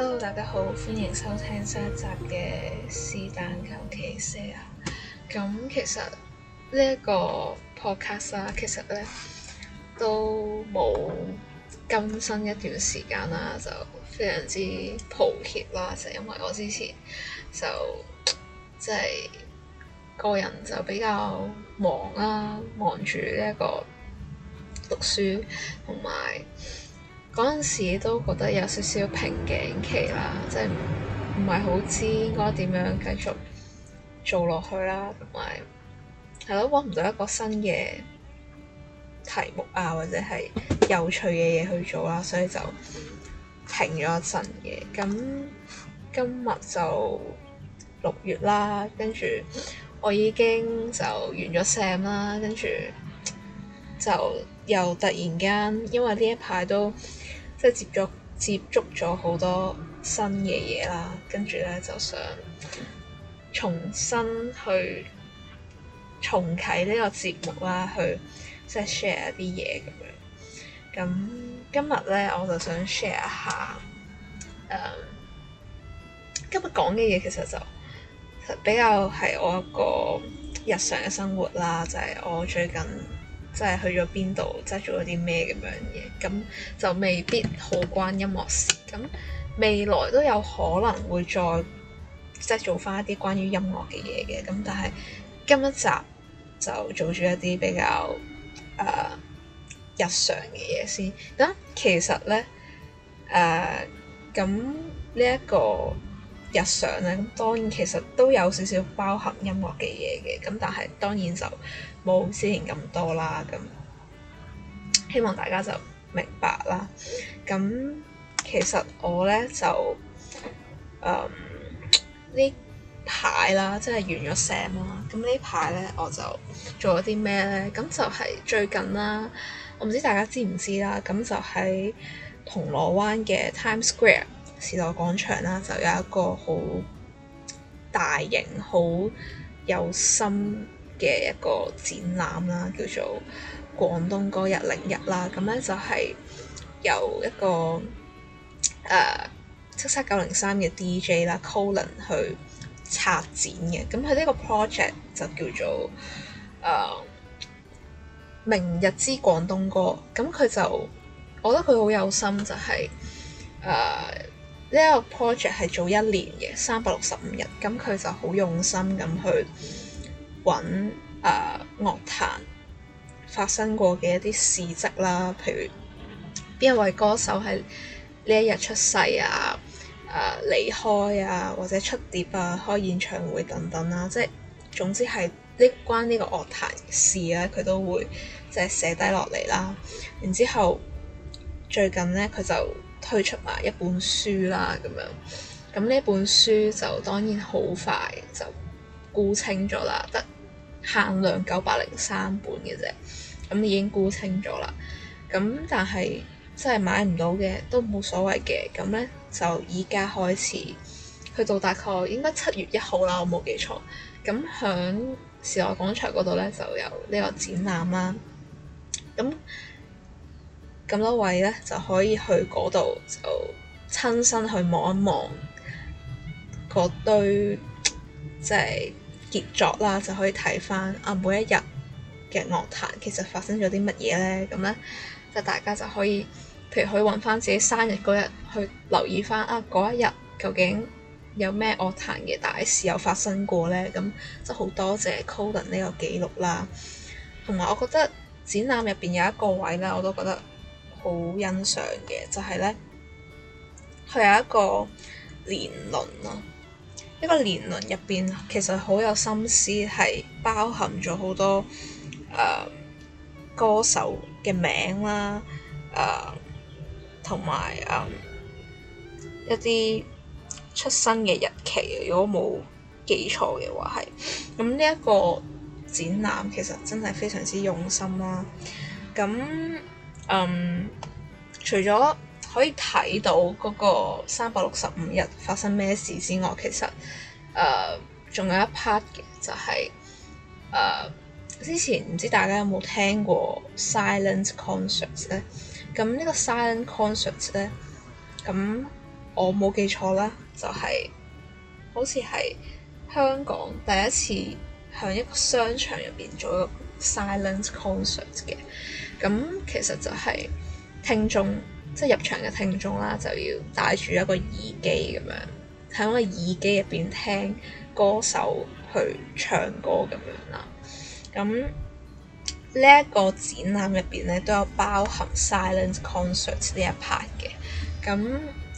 hello，大家好，歡迎收聽新一集嘅是但求其些牙。啊，a 咁其實呢一個 podcast 啊，其實呢都冇更新一段時間啦，就非常之抱歉啦，就是、因為我之前就即係個人就比較忙啦，忙住呢一個讀書同埋。嗰陣時都覺得有少少瓶頸期啦，即係唔係好知應該點樣繼續做落去啦，同埋係咯，揾唔到一個新嘅題目啊，或者係有趣嘅嘢去做啦，所以就停咗一陣嘅。咁今日就六月啦，跟住我已經就完咗 sam 啦，跟住就又突然間，因為呢一排都～即係接咗接觸咗好多新嘅嘢啦，跟住咧就想重新去重啟呢個節目啦，去即係 share 一啲嘢咁樣。咁今日咧我就想 share 下誒、嗯、今日講嘅嘢，其實就比較係我一個日常嘅生活啦，就係、是、我最近。即係去咗邊度，即係做咗啲咩咁樣嘢，咁就未必好關音樂事。咁未來都有可能會再即係做翻一啲關於音樂嘅嘢嘅，咁但係今一集就做咗一啲比較誒、呃、日常嘅嘢先。咁其實呢，誒咁呢一個日常咧，咁當然其實都有少少包含音樂嘅嘢嘅，咁但係當然就。冇之前咁多啦，咁希望大家就明白啦。咁其實我咧就呢排啦，即係完咗 semester 啦。咁呢排咧我就做咗啲咩咧？咁就係最近啦，了了近我唔知大家知唔知啦。咁就喺銅鑼灣嘅 Times Square 時代廣場啦，就有一個好大型、好有心，嘅一個展覽啦，叫做《廣東歌一零一》啦，咁咧就係由一個誒七、uh, 七九零三嘅 D J 啦 c o l i n 去拆展嘅。咁佢呢個 project 就叫做誒、uh, 明日之廣東歌。咁佢就我覺得佢好有心、就是，就係誒呢一個 project 係做一年嘅三百六十五日，咁佢就好用心咁去。揾誒、呃、樂壇發生過嘅一啲事蹟啦，譬如邊一位歌手係呢一日出世啊、誒、呃、離開啊，或者出碟啊、開演唱會等等啦、啊，即係總之係呢關呢個樂壇事咧、啊，佢都會即係寫低落嚟啦。然之後最近呢，佢就推出埋一本書啦，咁樣咁呢本書就當然好快就。沽清咗啦，得限量九百零三本嘅啫，咁已經沽清咗啦。咁但係真係買唔到嘅都冇所謂嘅，咁咧就而家開始去到大概應該七月一號啦，我冇記錯。咁響時代廣場嗰度咧就有呢個展覽啦。咁咁多位咧就可以去嗰度就親身去望一望嗰堆。即係傑作啦，就可以睇翻啊每一日嘅樂壇其實發生咗啲乜嘢呢？咁呢，就大家就可以，譬如可以揾翻自己生日嗰日去留意翻啊嗰一日究竟有咩樂壇嘅大事有發生過呢？咁即係好多謝 Colton 呢個記錄啦。同埋我覺得展覽入邊有一個位呢，我都覺得好欣賞嘅，就係呢，佢有一個年輪啦。一個年輪入邊其實好有心思，係包含咗好多、呃、歌手嘅名啦，同、呃、埋、呃、一啲出生嘅日期，如果冇記錯嘅話係。咁呢一個展覽其實真係非常之用心啦。咁、嗯嗯、除咗可以睇到嗰個三百六十五日發生咩事之外，其實誒仲、呃、有一 part 嘅就係、是、誒、呃、之前唔知大家有冇聽過 Silence Concert 咧？咁呢個 Silence Concert 咧，咁我冇記錯啦，就係、是、好似係香港第一次向一個商場入邊做一個 Silence Concert 嘅。咁其實就係聽眾。即係入場嘅聽眾啦，就要戴住一個耳機咁樣，喺個耳機入邊聽歌手去唱歌咁樣啦。咁呢一個展覽入邊咧，都有包含 Silence Concert 呢一 part 嘅。咁誒、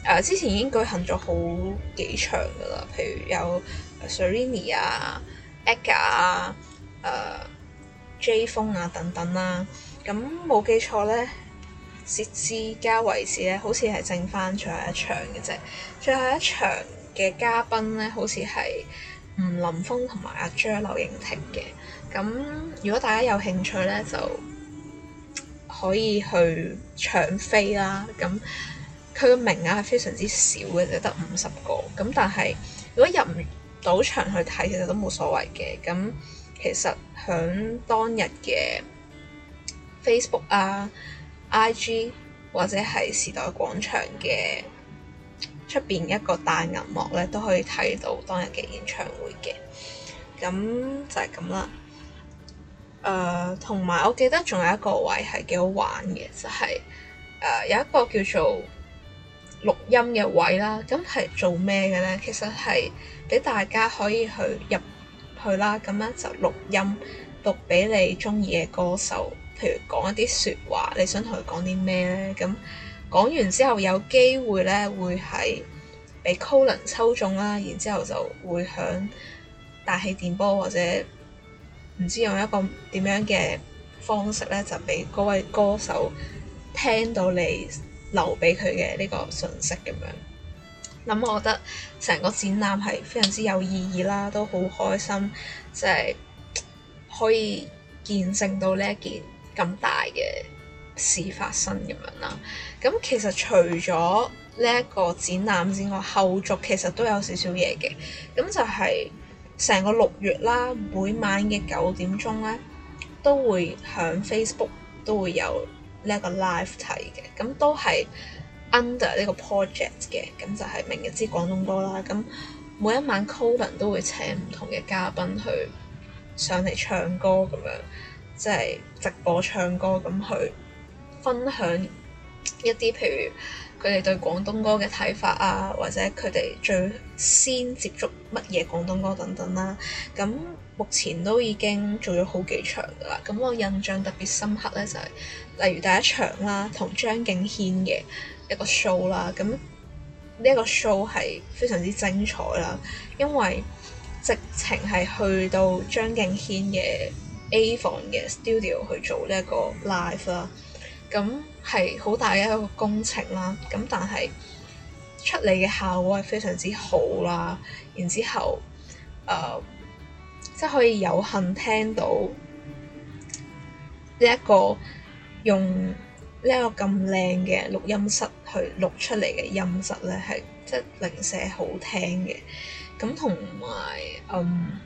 呃、之前已經舉行咗好幾場噶啦，譬如有 Sirenia、Eka 啊、誒、啊呃、J 風啊等等啦、啊。咁冇記錯咧。截至而家為止咧，好似係剩翻最後一場嘅啫。最後一場嘅嘉賓咧，好似係吳林峰同埋阿張劉盈婷嘅。咁如果大家有興趣咧，就可以去搶飛啦。咁佢嘅名額係非常之少嘅，就得五十個。咁但係如果入唔到場去睇，其實都冇所謂嘅。咁其實響當日嘅 Facebook 啊～I.G 或者係時代廣場嘅出邊一個大銀幕咧，都可以睇到當日嘅演唱會嘅。咁就係、是、咁啦。誒、呃，同埋我記得仲有一個位係幾好玩嘅，就係、是、誒、呃、有一個叫做錄音嘅位啦。咁係做咩嘅咧？其實係俾大家可以去入去啦，咁咧就錄音，錄俾你中意嘅歌手。譬如講一啲説話，你想同佢講啲咩咧？咁講完之後，有機會咧會係俾 Colin 抽中啦，然之後就會響大氣電波或者唔知用一個點樣嘅方式咧，就俾嗰位歌手聽到你留俾佢嘅呢個信息咁樣。咁我覺得成個展覽係非常之有意義啦，都好開心，即係可以見證到呢一件咁大嘅事發生咁樣啦，咁其實除咗呢一個展覽之外，後續其實都有少少嘢嘅，咁就係成個六月啦，每晚嘅九點鐘咧，都會喺 Facebook 都會有呢一個 live 睇嘅，咁都係 under 呢個 project 嘅，咁就係明日之廣東歌啦，咁每一晚 Colin 都會請唔同嘅嘉賓去上嚟唱歌咁樣。即係直播唱歌咁去分享一啲，譬如佢哋對廣東歌嘅睇法啊，或者佢哋最先接觸乜嘢廣東歌等等啦。咁目前都已經做咗好幾場噶啦。咁我印象特別深刻咧，就係例如第一場啦，同張敬軒嘅一個 show 啦。咁呢一個 show 係非常之精彩啦，因為直情係去到張敬軒嘅。A 房嘅 studio 去做呢一個 live 啦，咁係好大嘅一個工程啦。咁但係出嚟嘅效果係非常之好啦。然之後，誒、呃、即係可以有幸聽到呢一、個用呢個咁靚嘅錄音室去錄出嚟嘅音質咧，係即係零舍好聽嘅。咁同埋，嗯，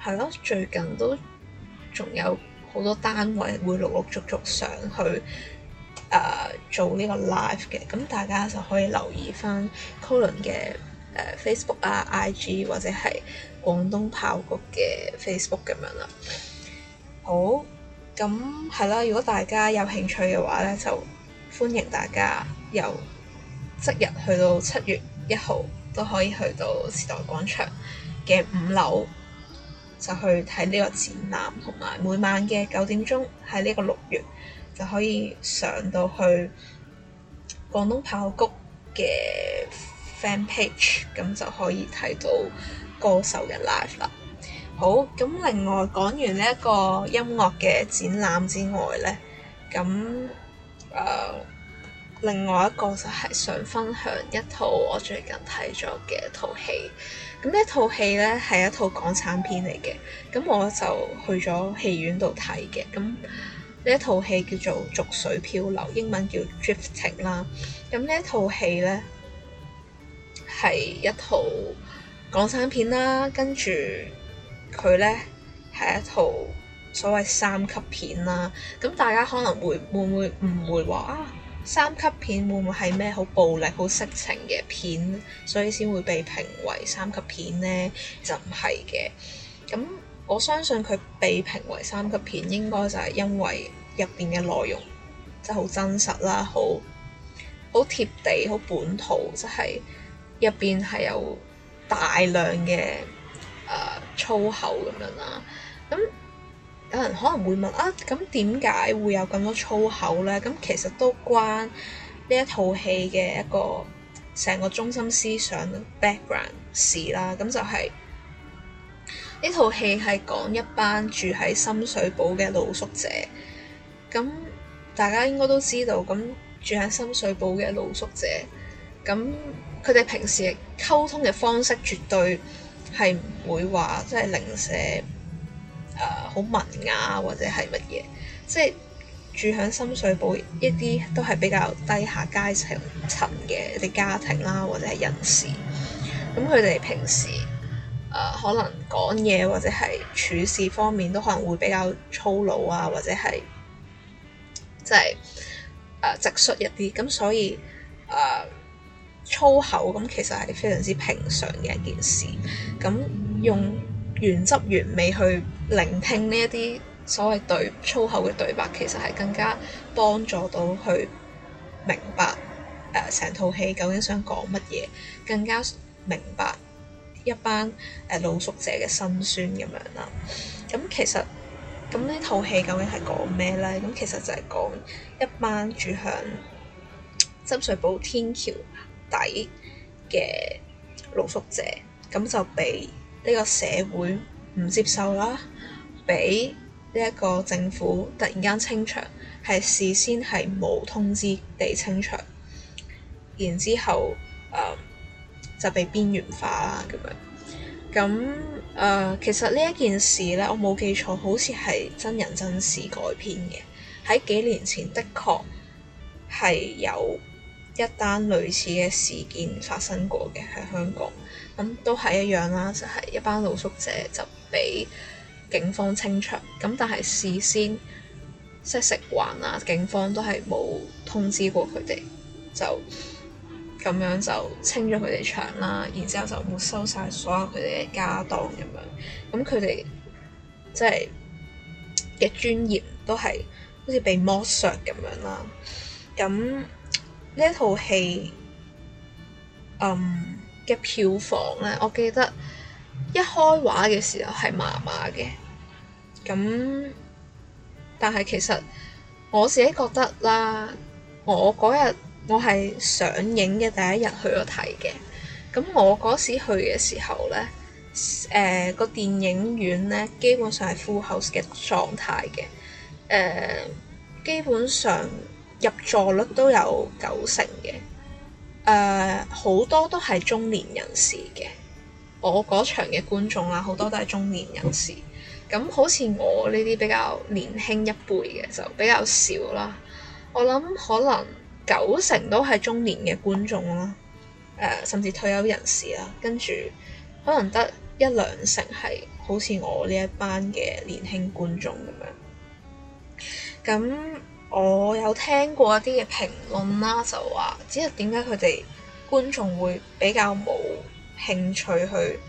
係咯，最近都。仲有好多單位會陸陸續續上去，誒、呃、做呢個 live 嘅，咁大家就可以留意翻 Colin 嘅誒、呃、Facebook 啊、IG 或者係廣東炮谷嘅 Facebook 咁樣啦、啊。好，咁係啦，如果大家有興趣嘅話咧，就歡迎大家由即日去到七月一號都可以去到時代廣場嘅五樓。就去睇呢個展覽，同埋每晚嘅九點鐘喺呢個六月，就可以上到去廣東炮谷嘅 fan page，咁就可以睇到歌手嘅 live 啦。好，咁另外講完呢一個音樂嘅展覽之外呢，咁誒另外一個就係想分享一套我最近睇咗嘅一套戲，咁呢套戲呢，係一套港產片嚟嘅，咁我就去咗戲院度睇嘅。咁呢一套戲叫做《濁水漂流》，英文叫《Drifting》啦。咁呢一套戲呢，係一套港產片啦，跟住佢呢，係一套所謂三級片啦。咁大家可能會會唔會唔會話啊？三級片會唔會係咩好暴力、好色情嘅片，所以先會被評為三級片呢，就唔係嘅。咁我相信佢被評為三級片，應該就係因為入邊嘅內容即係好真實啦，好好貼地、好本土，即係入邊係有大量嘅誒、呃、粗口咁樣啦。咁有人可能會問啊，咁點解會有咁多粗口呢？咁其實都關呢一套戲嘅一個成個中心思想 background 事啦。咁就係呢套戲係講一班住喺深水埗嘅露宿者。咁大家應該都知道，咁住喺深水埗嘅露宿者，咁佢哋平時嘅溝通嘅方式絕對係唔會話即係零舍，誒好文雅或者係乜嘢，即係住喺深水埗一啲都係比較低下階層層嘅一啲家庭啦，或者係人士咁，佢哋平時誒、呃、可能講嘢或者係處事方面都可能會比較粗魯啊，或者係即係誒直率一啲咁，所以誒、呃、粗口咁其實係非常之平常嘅一件事，咁用原汁原味去。聆聽呢一啲所謂對粗口嘅對白，其實係更加幫助到去明白呃、成套戲究竟想講乜嘢，更加明白一班誒露宿者嘅辛酸咁樣啦。咁其實咁呢套戲究竟係講咩呢？咁其實就係講一班住響深水埗天橋底嘅露宿者，咁就俾呢個社會。唔接受啦，畀呢一個政府突然間清場，係事先係冇通知地清場，然之後、呃、就被邊緣化啦咁樣。咁誒、呃、其實呢一件事咧，我冇記錯，好似係真人真事改編嘅，喺幾年前的確係有一單類似嘅事件發生過嘅喺香港。咁都係一樣啦，就係、是、一班露宿者就俾警方清場，咁但係事先即、就是、食環啊，警方都係冇通知過佢哋，就咁樣就清咗佢哋場啦，然之後就沒收晒所有佢哋嘅家當咁樣，咁佢哋即係嘅尊嚴都係好似被剝削咁樣啦，咁呢套戲、嗯嘅票房呢，我記得一開畫嘅時候係麻麻嘅，咁但係其實我自己覺得啦，我嗰日我係上映嘅第一日去咗睇嘅，咁我嗰時去嘅時候呢，誒、呃、個電影院呢，基本上係 full house 嘅狀態嘅，誒、呃、基本上入座率都有九成嘅。誒，好、uh, 多都係中年人士嘅，我嗰場嘅觀眾啦，好多都係中年人士，咁好似我呢啲比較年輕一輩嘅就比較少啦。我諗可能九成都係中年嘅觀眾啦，誒、呃，甚至退休人士啦，跟住可能得一兩成係好似我呢一班嘅年輕觀眾咁樣，咁。我有聽過一啲嘅評論啦，就話，只係點解佢哋觀眾會比較冇興趣去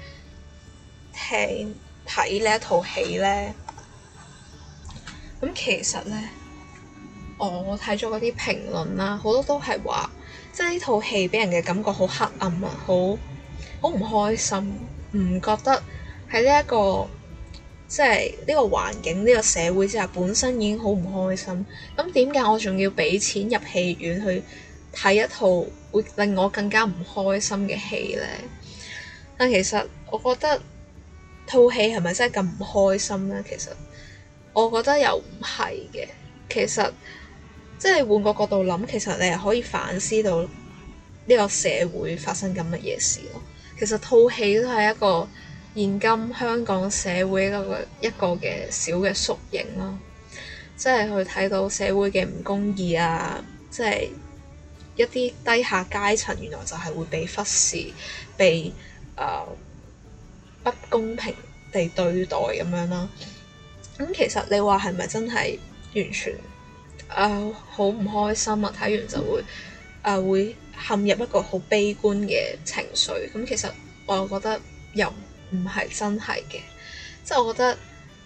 聽睇呢一套戲咧？咁其實咧，我睇咗嗰啲評論啦，好多都係話，即係呢套戲畀人嘅感覺好黑暗啊，好好唔開心，唔覺得喺呢一個。即係呢個環境、呢個社會之下，本身已經好唔開心。咁點解我仲要畀錢入戲院去睇一套會令我更加唔開心嘅戲呢？但其實我覺得套戲係咪真係咁唔開心呢？其實我覺得又唔係嘅。其實即係換個角度諗，其實你係可以反思到呢個社會發生緊乜嘢事咯。其實套戲都係一個。現今香港社會一個一個嘅小嘅縮影咯，即係去睇到社會嘅唔公義啊，即係一啲低下階層原來就係會被忽視、被、呃、不公平地對待咁樣啦。咁、嗯、其實你話係咪真係完全、呃、好唔開心啊？睇完就會誒、呃、會陷入一個好悲觀嘅情緒。咁、嗯、其實我覺得又～唔係真係嘅，即係我覺得，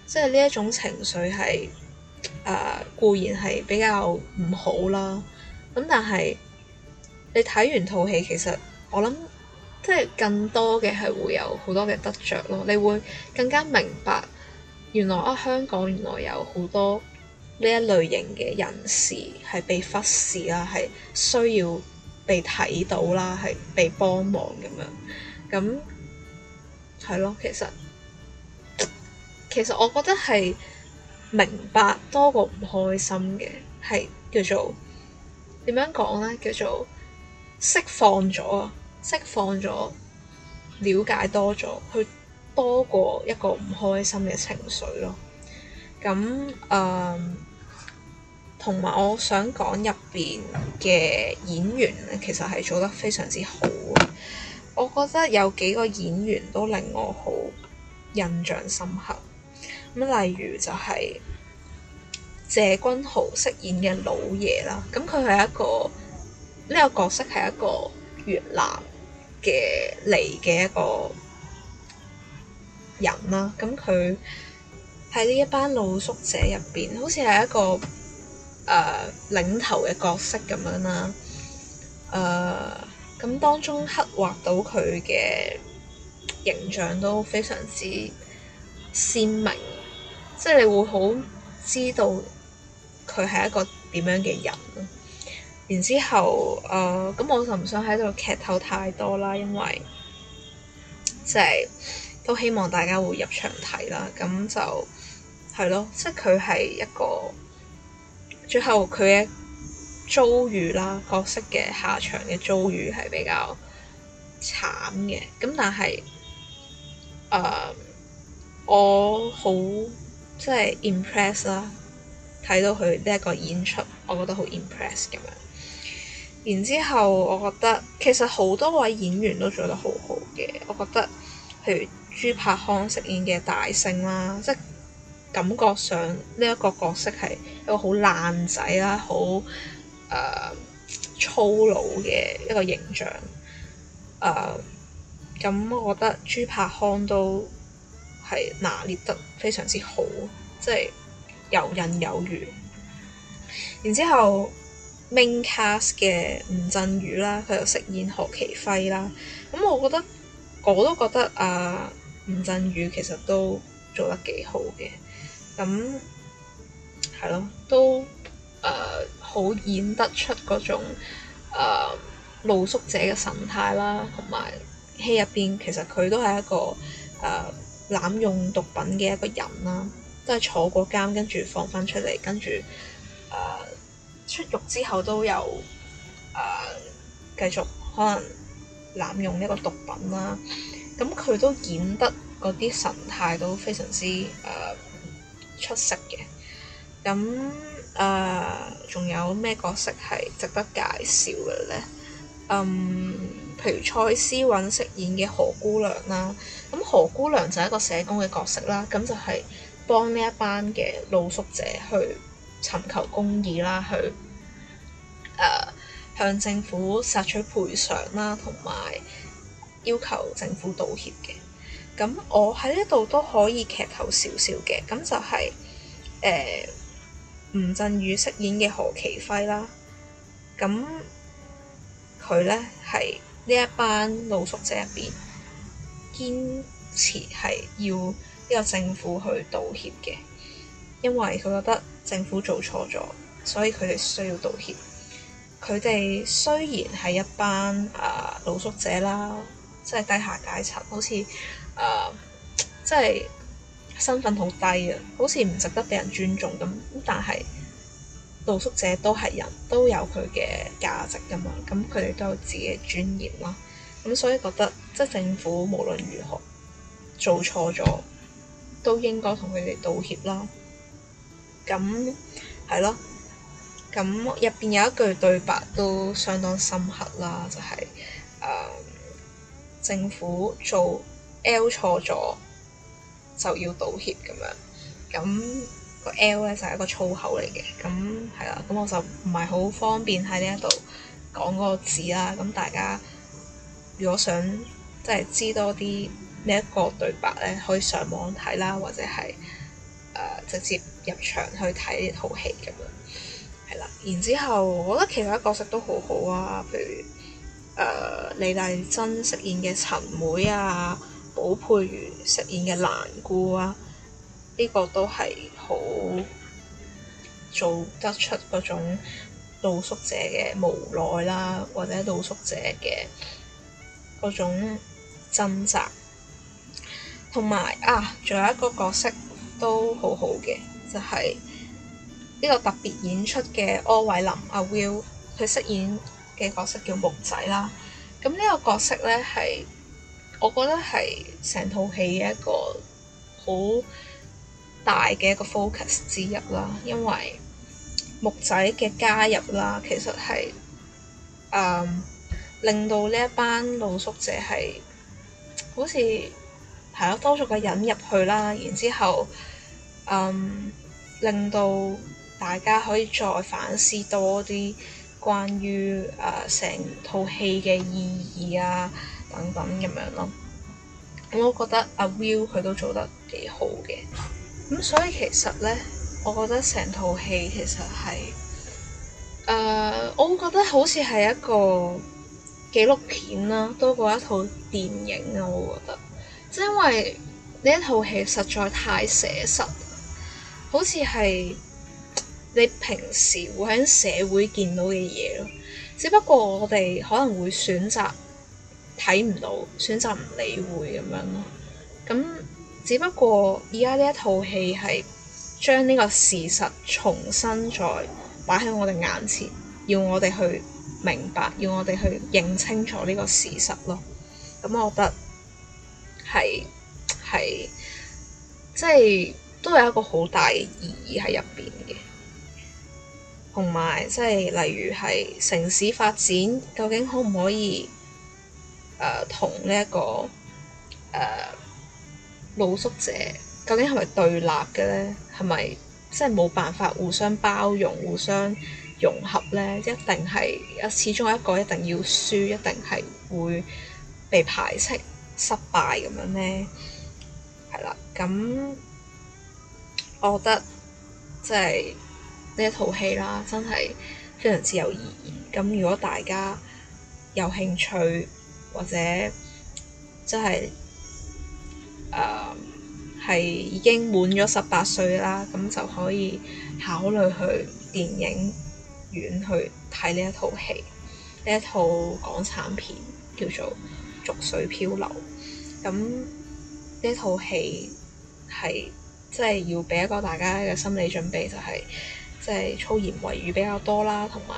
即係呢一種情緒係誒固然係比較唔好啦，咁但係你睇完套戲，其實我諗即係更多嘅係會有好多嘅得着咯，你會更加明白原來啊香港原來有好多呢一類型嘅人士係被忽視啦、啊，係需要被睇到啦、啊，係被幫忙咁樣咁。係咯，其實其實我覺得係明白多過唔開心嘅，係叫做點樣講呢？叫做釋放咗啊，釋放咗，了解多咗，去多過一個唔開心嘅情緒咯。咁誒，同埋我想講入邊嘅演員咧，其實係做得非常之好。我覺得有幾個演員都令我好印象深刻，咁例如就係謝君豪飾演嘅老爺啦，咁佢係一個呢、呢個角色係一個越南嘅嚟嘅一個人啦，咁佢喺呢一班露宿者入邊，好似係一個誒、呃、領頭嘅角色咁樣啦，誒、呃。咁當中刻畫到佢嘅形象都非常之鮮明，即係你會好知道佢係一個點樣嘅人咯。然之後，誒咁我就唔想喺度劇透太多啦，因為即係都希望大家會入場睇啦。咁就係咯，即係佢係一個最後佢嘅遭遇啦，角色嘅下場嘅遭遇係比較慘嘅。咁但係，誒、呃，我好即係 impress 啦，睇到佢呢一個演出，我覺得好 impress 咁樣。然之後，我覺得其實好多位演員都做得好好嘅。我覺得，譬如朱柏康飾演嘅大聲啦，即係感覺上呢一、這個角色係一個好爛仔啦，好～誒、uh, 粗魯嘅一個形象，誒咁，我覺得朱柏康都係拿捏得非常之好，即係遊刃有餘。然之後，main cast 嘅吳鎮宇啦，佢又飾演何其輝啦，咁我覺得我都覺得啊，吳、uh, 鎮宇其實都做得幾好嘅，咁係咯，都誒。Uh, 好演得出嗰種、呃、露宿者嘅神態啦，同埋戲入邊其實佢都係一個誒、呃、濫用毒品嘅一個人啦，都係坐過監跟住放翻出嚟，跟住誒出獄、呃、之後都有誒繼、呃、續可能濫用一個毒品啦。咁、嗯、佢都演得嗰啲神態都非常之誒、呃、出色嘅，咁、嗯。誒，仲、uh, 有咩角色係值得介紹嘅呢？Um, 譬如蔡思韻飾演嘅何姑娘啦，咁何姑娘就係一個社工嘅角色啦，咁就係幫呢一班嘅露宿者去尋求公義啦，去、uh, 向政府索取賠償啦，同埋要求政府道歉嘅。咁我喺呢度都可以劇透少少嘅，咁就係、是、誒。Uh, 吳鎮宇飾演嘅何其輝啦，咁佢咧係呢一班露宿者入邊，堅持係要呢個政府去道歉嘅。因為佢覺得政府做錯咗，所以佢哋需要道歉。佢哋雖然係一班啊呃、露宿者啦，即係低下階層，好似啊、呃、即係。身份好低啊，好似唔值得俾人尊重咁。咁但係露宿者都係人，都有佢嘅價值噶嘛，咁佢哋都有自己嘅尊嚴啦。咁所以覺得即係政府無論如何做錯咗，都應該同佢哋道歉啦。咁係咯。咁入邊有一句對白都相當深刻啦，就係誒政府做 L 錯咗，就要道歉咁樣，咁個 L 咧就係一個粗口嚟嘅，咁係啦，咁我就唔係好方便喺呢一度講嗰個字啦，咁大家如果想即係知多啲呢一個對白咧，可以上網睇啦，或者係誒直接入場去睇呢套戲咁樣，係啦，然之後我覺得其他角色都好好啊，譬如誒李麗珍飾演嘅陳妹啊。寶佩如飾演嘅蘭姑啊，呢、這個都係好做得出嗰種露宿者嘅無奈啦，或者露宿者嘅嗰種掙扎。同埋啊，仲有一個角色都好好嘅，就係、是、呢個特別演出嘅柯偉林阿、啊、Will，佢飾演嘅角色叫木仔啦。咁呢個角色咧係。我覺得係成套戲嘅一個好大嘅一個 focus 之一啦，因為木仔嘅加入啦，其實係、嗯、令到呢一班露宿者係好似係咯多咗個人入去啦，然之後、嗯、令到大家可以再反思多啲關於成、呃、套戲嘅意義啊～等等咁樣咯，我覺得阿 Will 佢都做得幾好嘅，咁所以其實呢，我覺得成套戲其實係，誒、呃，我會覺得好似係一個紀錄片啦，多過一套電影啊，我覺得，即係因為呢一套戲實在太寫實，好似係你平時會喺社會見到嘅嘢咯，只不過我哋可能會選擇，睇唔到，選擇唔理會咁樣咯。咁只不過而家呢一套戲係將呢個事實重新再擺喺我哋眼前，要我哋去明白，要我哋去認清清楚呢個事實咯。咁我覺得係係即係都有一個好大嘅意義喺入邊嘅。同埋即係例如係城市發展，究竟可唔可以？同呢一個誒露宿者，究竟係咪對立嘅咧？係咪即係冇辦法互相包容、互相融合咧？一定係一始終一個一定要輸，一定係會被排斥、失敗咁樣咧。係啦，咁我覺得即係呢一套戲啦，真係非常之有意義。咁如果大家有興趣，或者即係，誒，係、呃、已經滿咗十八歲啦，咁就可以考慮去電影院去睇呢一套戲。呢一套港產片叫做《逐水漂流》。咁呢套戲係即係要俾一個大家嘅心理準備，就係即係粗言穢語比較多啦，同埋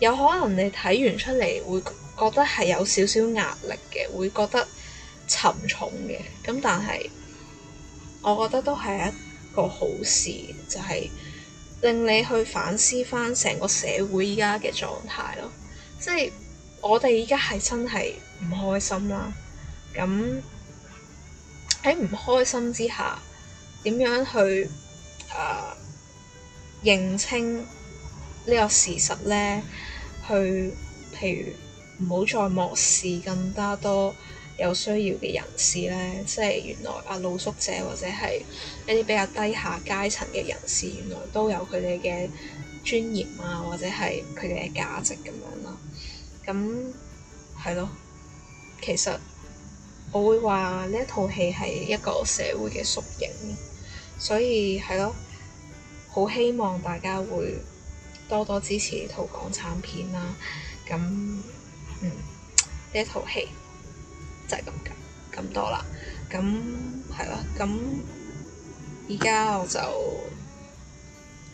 有，有可能你睇完出嚟會。覺得係有少少壓力嘅，會覺得沉重嘅。咁但係，我覺得都係一個好事，就係、是、令你去反思返成個社會而家嘅狀態咯。即係我哋而家係真係唔開心啦。咁喺唔開心之下，點樣去誒、呃、認清呢個事實呢？去譬如。唔好再漠視更加多有需要嘅人士咧，即係原來啊露宿者或者係一啲比較低下階層嘅人士，原來都有佢哋嘅尊嚴啊，或者係佢哋嘅價值咁樣啦。咁係咯，其實我會話呢一套戲係一個社會嘅縮影，所以係咯，好希望大家會多多支持呢套港產片啦。咁嗯，呢一套戲就係咁噶，咁多啦。咁係啦，咁而家我就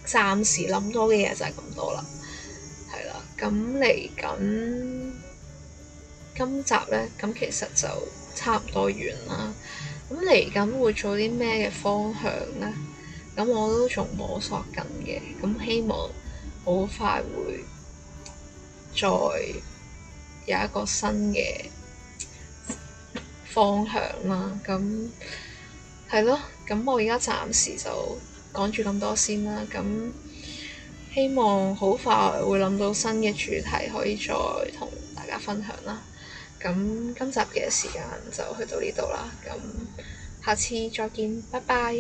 暫時諗到嘅嘢就係咁多啦。係啦，咁嚟緊今集咧，咁其實就差唔多完啦。咁嚟緊會做啲咩嘅方向咧？咁我都仲摸索緊嘅，咁希望好快會再～有一個新嘅方向啦，咁係囉，咁我而家暫時就講住咁多先啦，咁希望好快會諗到新嘅主題，可以再同大家分享啦。咁今集嘅時間就去到呢度啦，咁下次再見，拜拜。